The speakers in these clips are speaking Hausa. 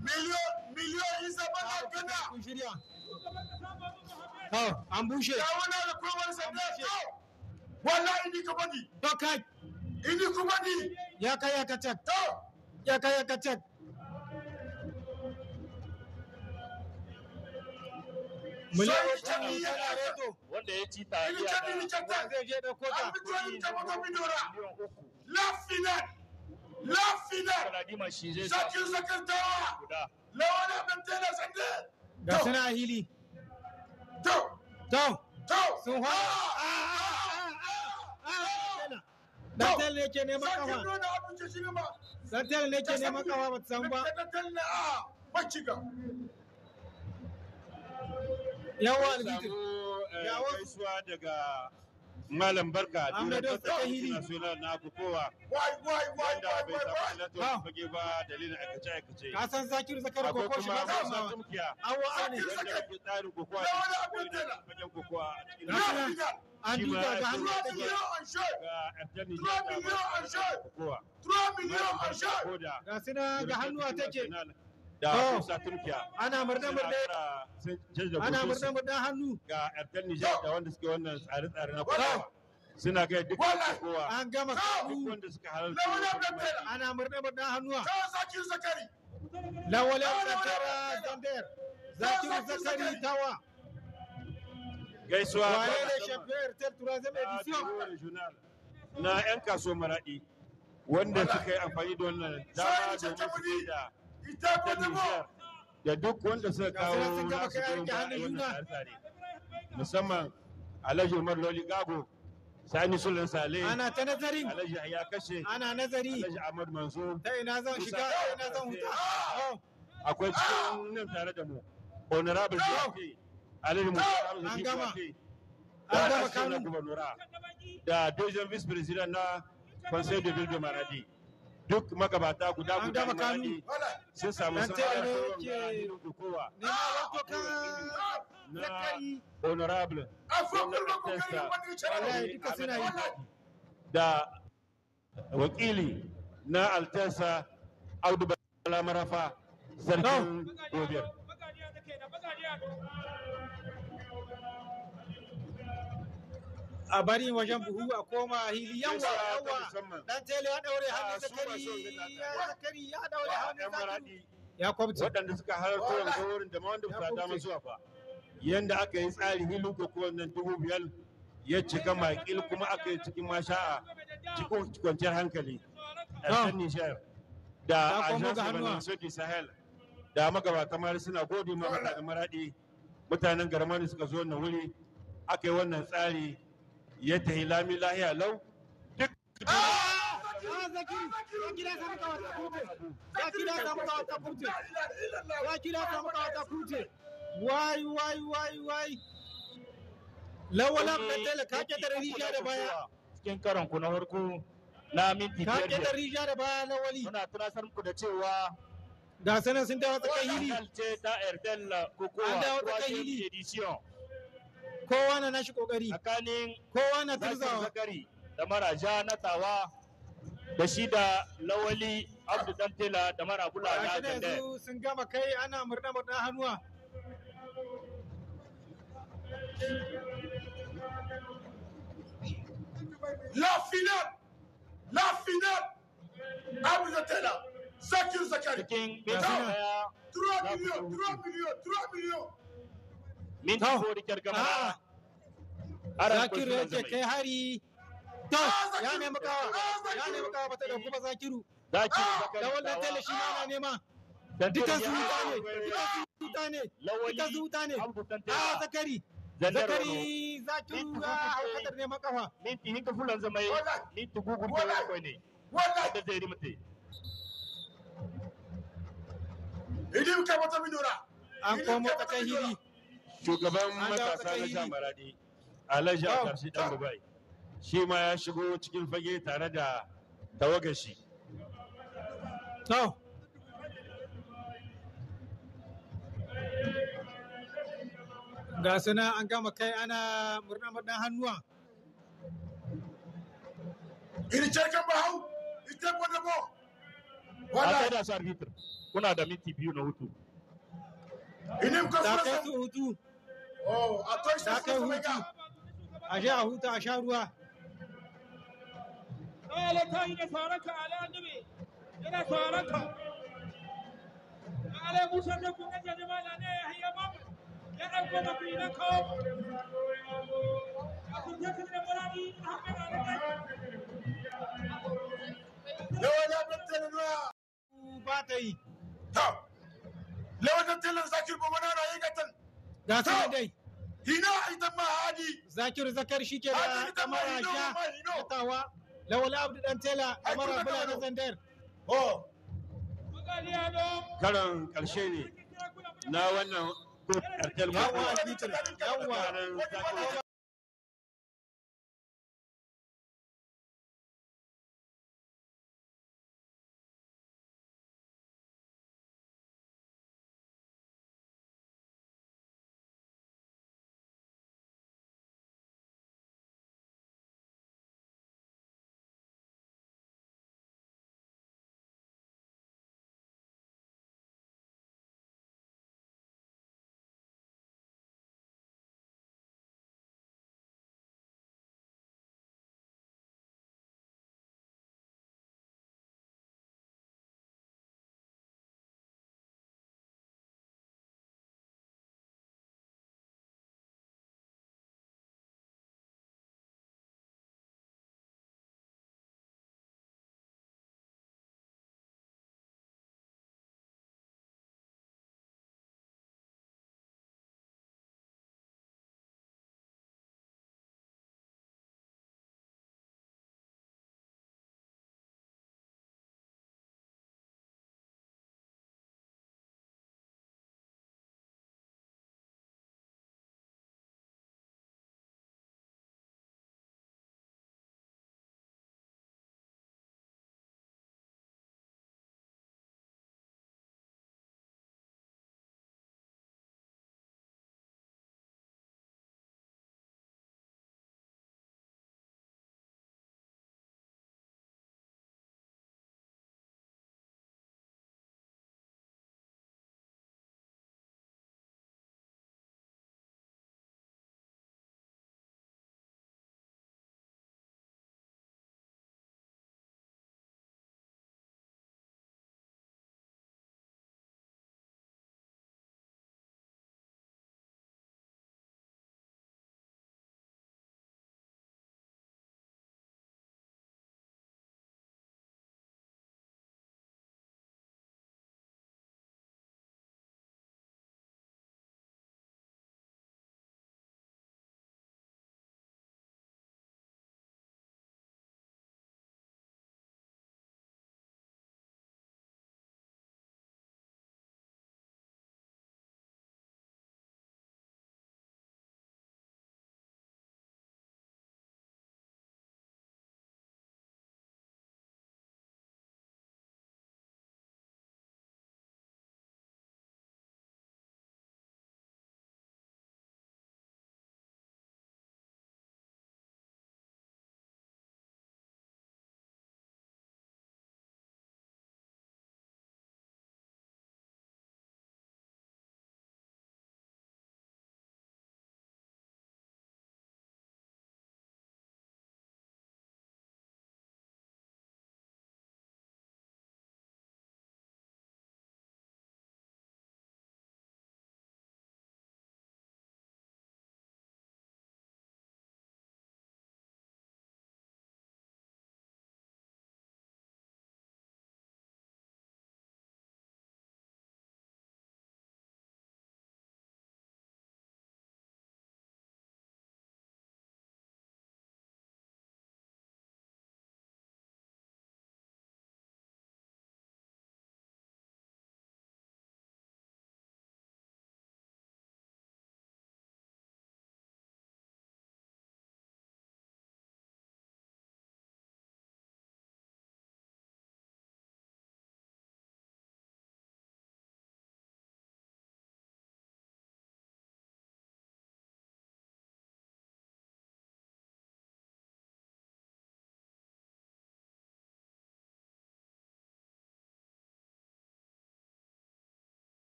million zaman lafiya a shirya an bushe da to ni ini kuma ya kai ya ya kai ya wanda ya ci zai je da kota. ni lafida sakin sakantawa lawana ɗan tela sande ga suna hili to to to sun hana dantel ne ke neman kafa dantel ne ke neman kafa ba ta samu ba yawa albitin yawa daga Malam Barka Ahmadu Tahiri National na Bukowa wanda ba ka san Zakir Zakar shi awo da wani a cikin an ga hannu da ke ga ta kokowa 3 miliyan ga sina ga take da Turkiya. Ana murɗe-murɗe. Ana hannu. Ga Ertel Nijar da wanda suke wannan tsare-tsare na kuma. Suna kai duk kowa. An gama sabu. wanda suka halarci. Ana murɗe-murɗe hannuwa. Kawai Zakiru Zakari. Lawale Zakara Zander. Zakari Tawa. Gaisuwa. Waye ne shafi Na 'yan kasuwar maraɗi. Wanda suka yi amfani da wannan dama domin su da da duk wanda suka kawo nasu goyon bayan wannan tsare musamman Alhaji Umar Loli Gago Sani Sulan Sale ana ta nazarin Alhaji Kashe ana nazari Alhaji Ahmad Mansur ta ina zan shiga ina zan huta ah! oh. akwai cikin ah! nan tare da mu Honorable Jaki Alhaji Muhammad an gama an gama kanu da Dojan Vice President na Conseil de Ville de duk magabata guda guda na wani sun samu na honorable da wakili na altesa audu bala marafa zargin gobiyar a bari wajen buhu a koma hili yawa yawa dan tele ya daure ah, hannun zakari ya zakari ya daure hannun zakari ya kwamci waɗanda suka halarta yanzu wurin da ma wanda ba dama zuwa ba yanda aka yi tsari hilu ko wannan dubu biyar ya cika makil kuma aka yi cikin a cikin kwanciyar hankali a nishiyar da ajiyar banan soki sahel da magabata kamar suna godi ma da maradi mutanen garmani suka zo na wuri aka yi wannan tsari ya tahi lami lahiya lau duk ah! Ah, wai wai wai wai lawalan kaddala ka ke rijiya da baya cikin karon ku na farko na minti ka rija da baya wali. muna tunasar muku da cewa ga sanan sun dawo tsakan hili an dawo tsakan hili kowa na nashi kokari tsakanin kowa na turzawa zakari da maraja na tawa da shi da lawali abdu dantela da mara bula na jande sun gama kai ana murna murna hannuwa La finale La finale abdu dantela minti gori gargama zakiru ya kai hari to ya ya bata da kuma zakiru da wannan tele shi ma zuta ne zuta ne zuta ne zakari ah, zakari zakiru ya fulan zama yi minti da Idim ka mata An komo ta hiri. shugaban matasa na jamaradi alhaji akarshi dan dubai shi ma ya shigo cikin fage tare da tawagashi ga suna an gama kai ana murna madan hannuwa iri cikin bahau ite gwada bo wala da su arbitr kuna da minti biyu na hutu inin kasuwa hutu اجاه تاشاروا قال تاين فارك على النبي انا فارك على موسى تكون جنما لنا هي باب يا رب ما فينك اكو ذكر المرابي حقنا لك لو انا بتلنا باتي تو لو انت تلن ذكر بمنا رايك تلن ga su dai hino ita ma hadi zakir zakar shike da kamara sha tawa lawala abdu dan tela kamara bula na zandar oh karan karshe ne na wannan ko kartel yawa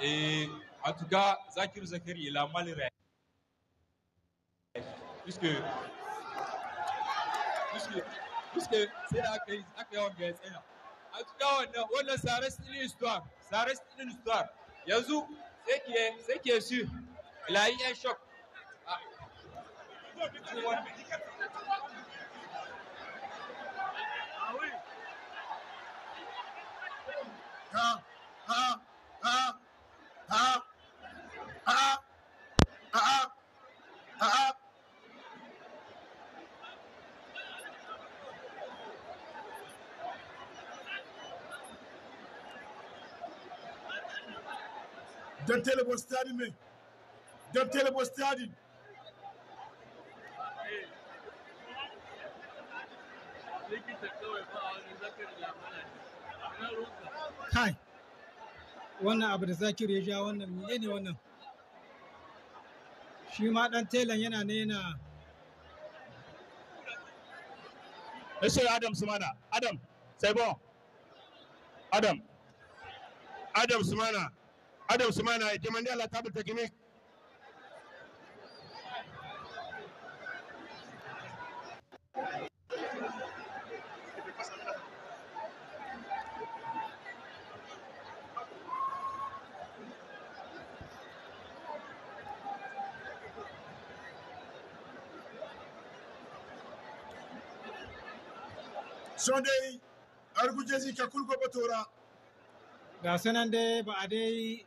Et en tout cas, Zakir Zakari, il a mal réagi. Puisque, puisque, puisque c'est la crise, En tout cas, on, on, ça reste une histoire. Ça reste une histoire. Yazou, c'est qui est, c'est qui est sûr, il a eu un choc. Ah. Ah oui. Ah, ah. don tele bo stadi me kai wannan abu da zakir ya ja wannan mene ne wannan shi ma dan telan yana ne yana Mr. Adam Sumana, Adam, say bon. Adam, Adam Sumana, Adam Sumana et demander à la table technique. Son dai, Argujezi Kakulko Batora. Ga sanan dai ba a dai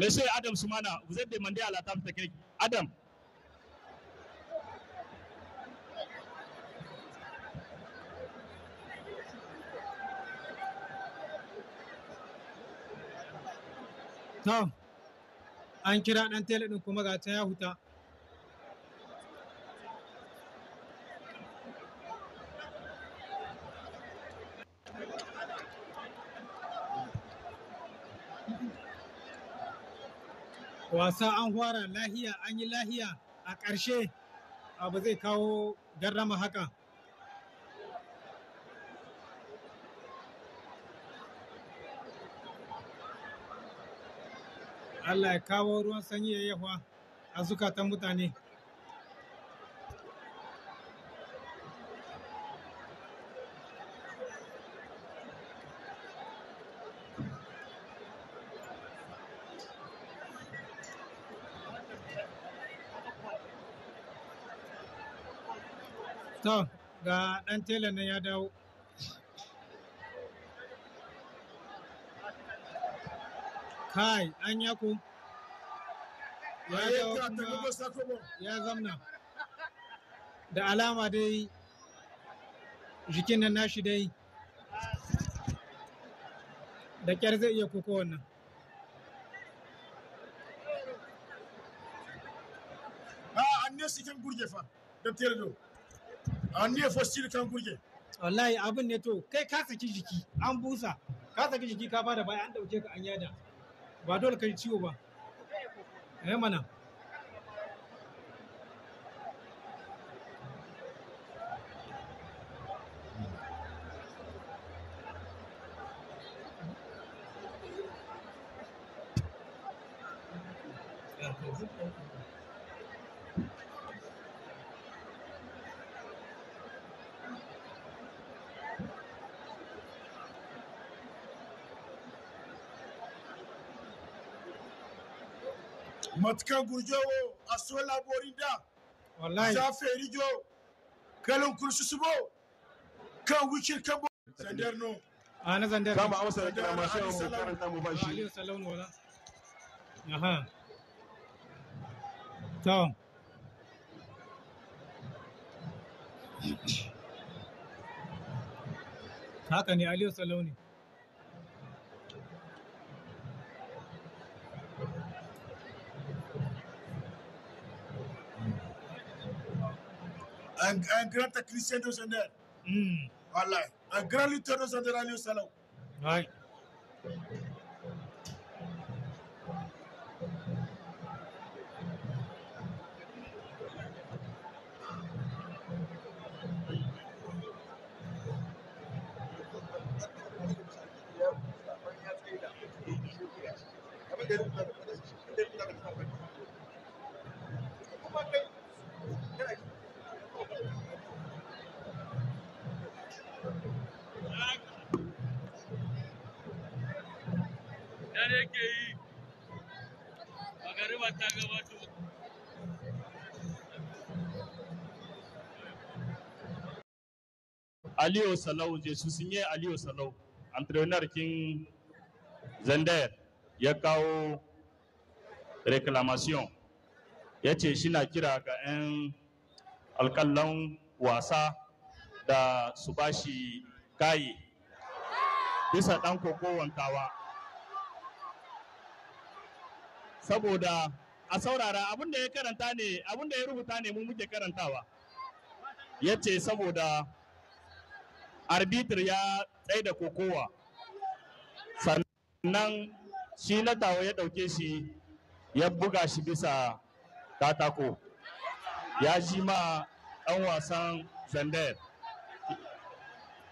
Monsieur Adam Soumana, vous êtes demandé à la table technique. Adam. Non. an kira ɗan tele ɗin kuma ga ta ya huta. wasa an fara lahiya an yi lahiya a ƙarshe abu zai kawo garrama haka Allah ya kawo ruwan sanyi ya yahwa a zukatan mutane. To, ga ɗan telan nan ya dawo. Kai, an ya ku. Ya dawo kuma ya zamna. Da alama dai jikin nan nashi dai da kyar zai iya kuka wannan. Ha, ah, an ne gurge fa, da telo. a ne fo kan wallahi abin ne to kai ka saki jiki an busa ka saki jiki ka bada baya an dauke ka an yada ba dole kai ciwo ba eh mana matkan gurjowo a sola borinda saferi jo kalin kursusubo kan wikir kan zandar no a na zandar kama amsa da kira sai mu karanta mu ba shi aha to haka ne aliyu salauni Un, un grand technicien de Genève. Mm. Voilà. Un grand lutteur de Genève à Salon. Oui. Thank you. Aliyu salau jesu sun yi Aliyu salau entrepreneur kin zandayar ya kawo reclamation ya ce shi na kira ga 'yan alkalan wasa da su bashi kayi bisa ɗan kokowar saboda a saurara abinda ya karanta ne abinda ya rubuta ne mu muke karantawa ya ce saboda arbitr ya tsaye da kokowa sannan shi na tawo ya ɗauke shi ya buga shi bisa katako ya ji ma ɗan wasan zander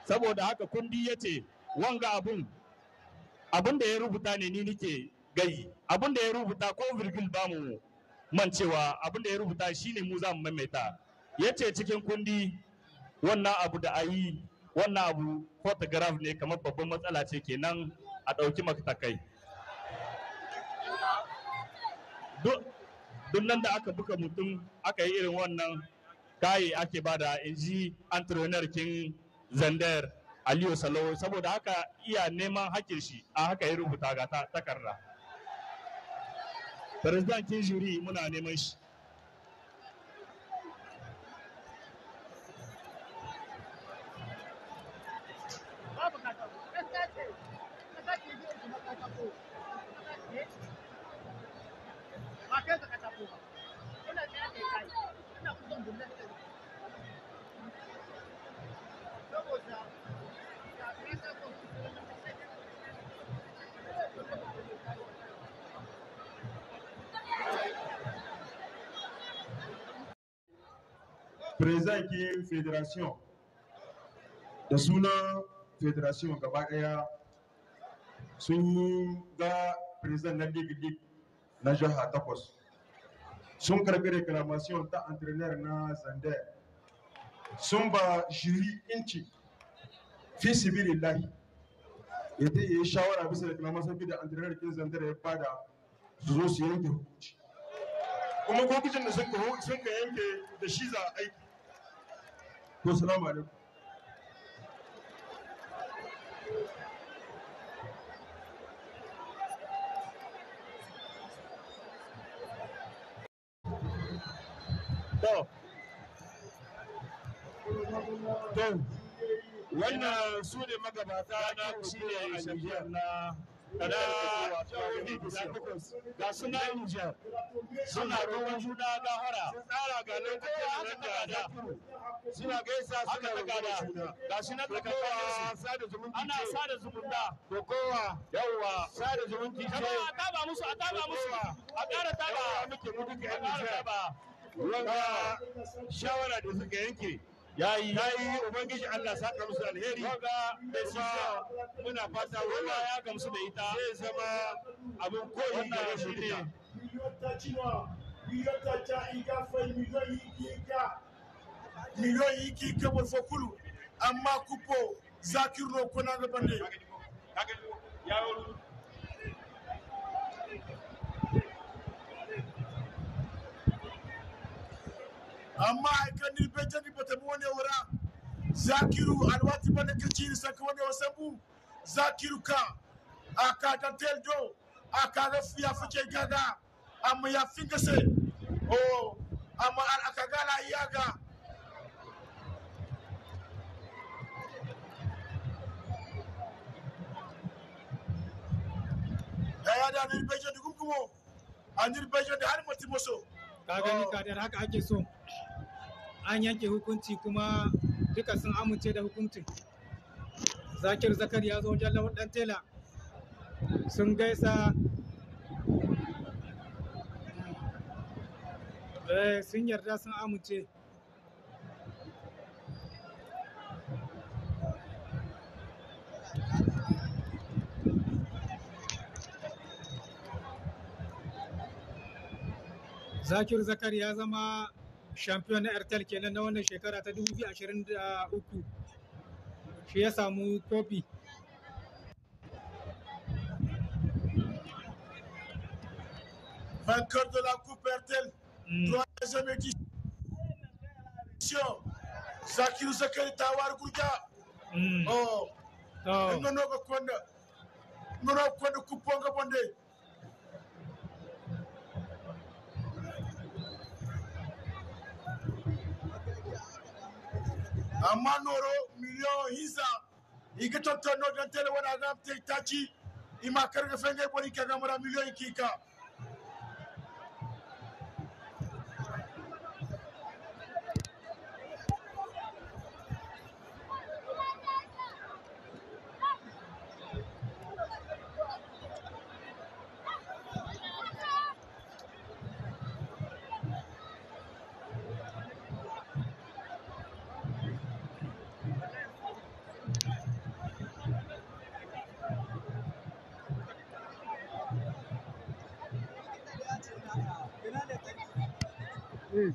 saboda haka kundi ya ce wanga abun abun da ya rubuta ne ni nike gai abun da ya rubuta ko virgil bamu mu man cewa abun da ya rubuta shine mu za mu maimaita ya ce cikin kundi wannan abu da a yi wannan abu photograph ne kamar babban matsala ce kenan a ɗauki matakai duk nan da aka buka mutum aka yi irin wannan kayi ake bada in ji entrepreneur king zander aliyu salo saboda haka iya neman hakin shi a haka yi rubuta ga takarda president king juri muna neman shi president ke federation da suna federation gaba daya sun ga president na league na jiha takwas sun karbi reclamation ta entrepreneur na zander sun ba shiri inci fi sibilillahi ya ta yi shawara bisa reclamation da entrepreneur ke zander ya bada su zo su yanke hukunci kuma hukuncin da sun ka yanke da shi za a aiki To, salamu alaikum. To, wannan su ne magabata na kusurwa a Nijar na da jihohi guda takwas ga suna Nijar suna gaban juna hara tsara ga nan kowa da gada suna gaisa suna da gada ga shi na kowa sada zumunci ana sada zumunta da kowa yawwa sada zumunci ce a taba musu a taba musu a ƙara taba muke mu duka yan Nijar wanga shawara da suka yanke yayi yayi ubangiji Allah saka musu alheri kaga da sa muna fata wannan ya gamsu da ita zai zama abin koyi ga shi ne miliyoyi ki gabar fakulu amma kupo zakirno kuna gaban ne amma kandi bejani bata mu wani wara zakiru alwati bana kaciri saka wani wasabu zakiru ka aka ta teldo aka rafu ya fice gaga amma ya finga se o amma al aka gala yaga ya da ni beje dugumo anir beje da har matimoso ka gani ka da haka ake so an yanke hukunci kuma duka sun amince da hukuncin zakir zakar ya zo wajen lawan dan tela sun gaisa eh, sun yarda sun amince zakir zakar ya zama champion na Airtel kenan na wannan shekara ta 2023 shi ya samu kofi vainqueur de la Coupe Airtel, hmm. troisième édition. Zakiru Zakari Tawar Gurja. Hmm. Oh. oh. Nono ko kwanda. Nono ko kwanda kuponga amanoro miliyon hisa igitotono no wana wona gamte imakarga fenge boni kagamara miliyon kika Mm.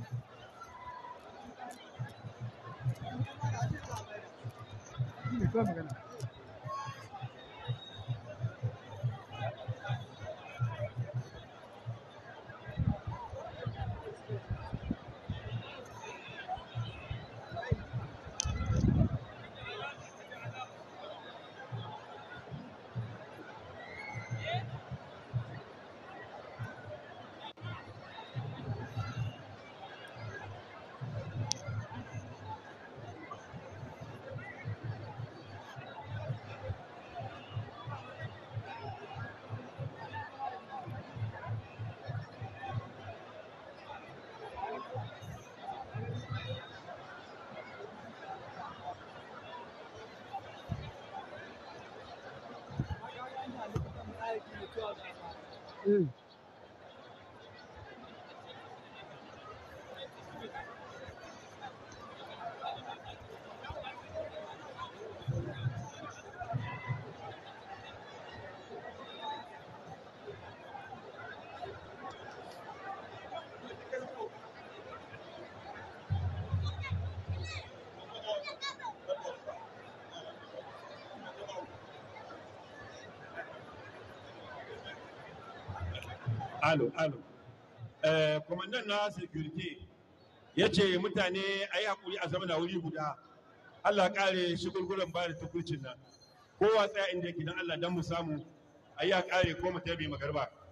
Mm. alo alo eh, kwamandan na security ya ce mutane a yi haƙuri a zama na wuri guda allah ƙare shi ba da tukurcin nan kowa tsaya inda yake don allah don mu samu a yi haƙare ko mu tabi magarba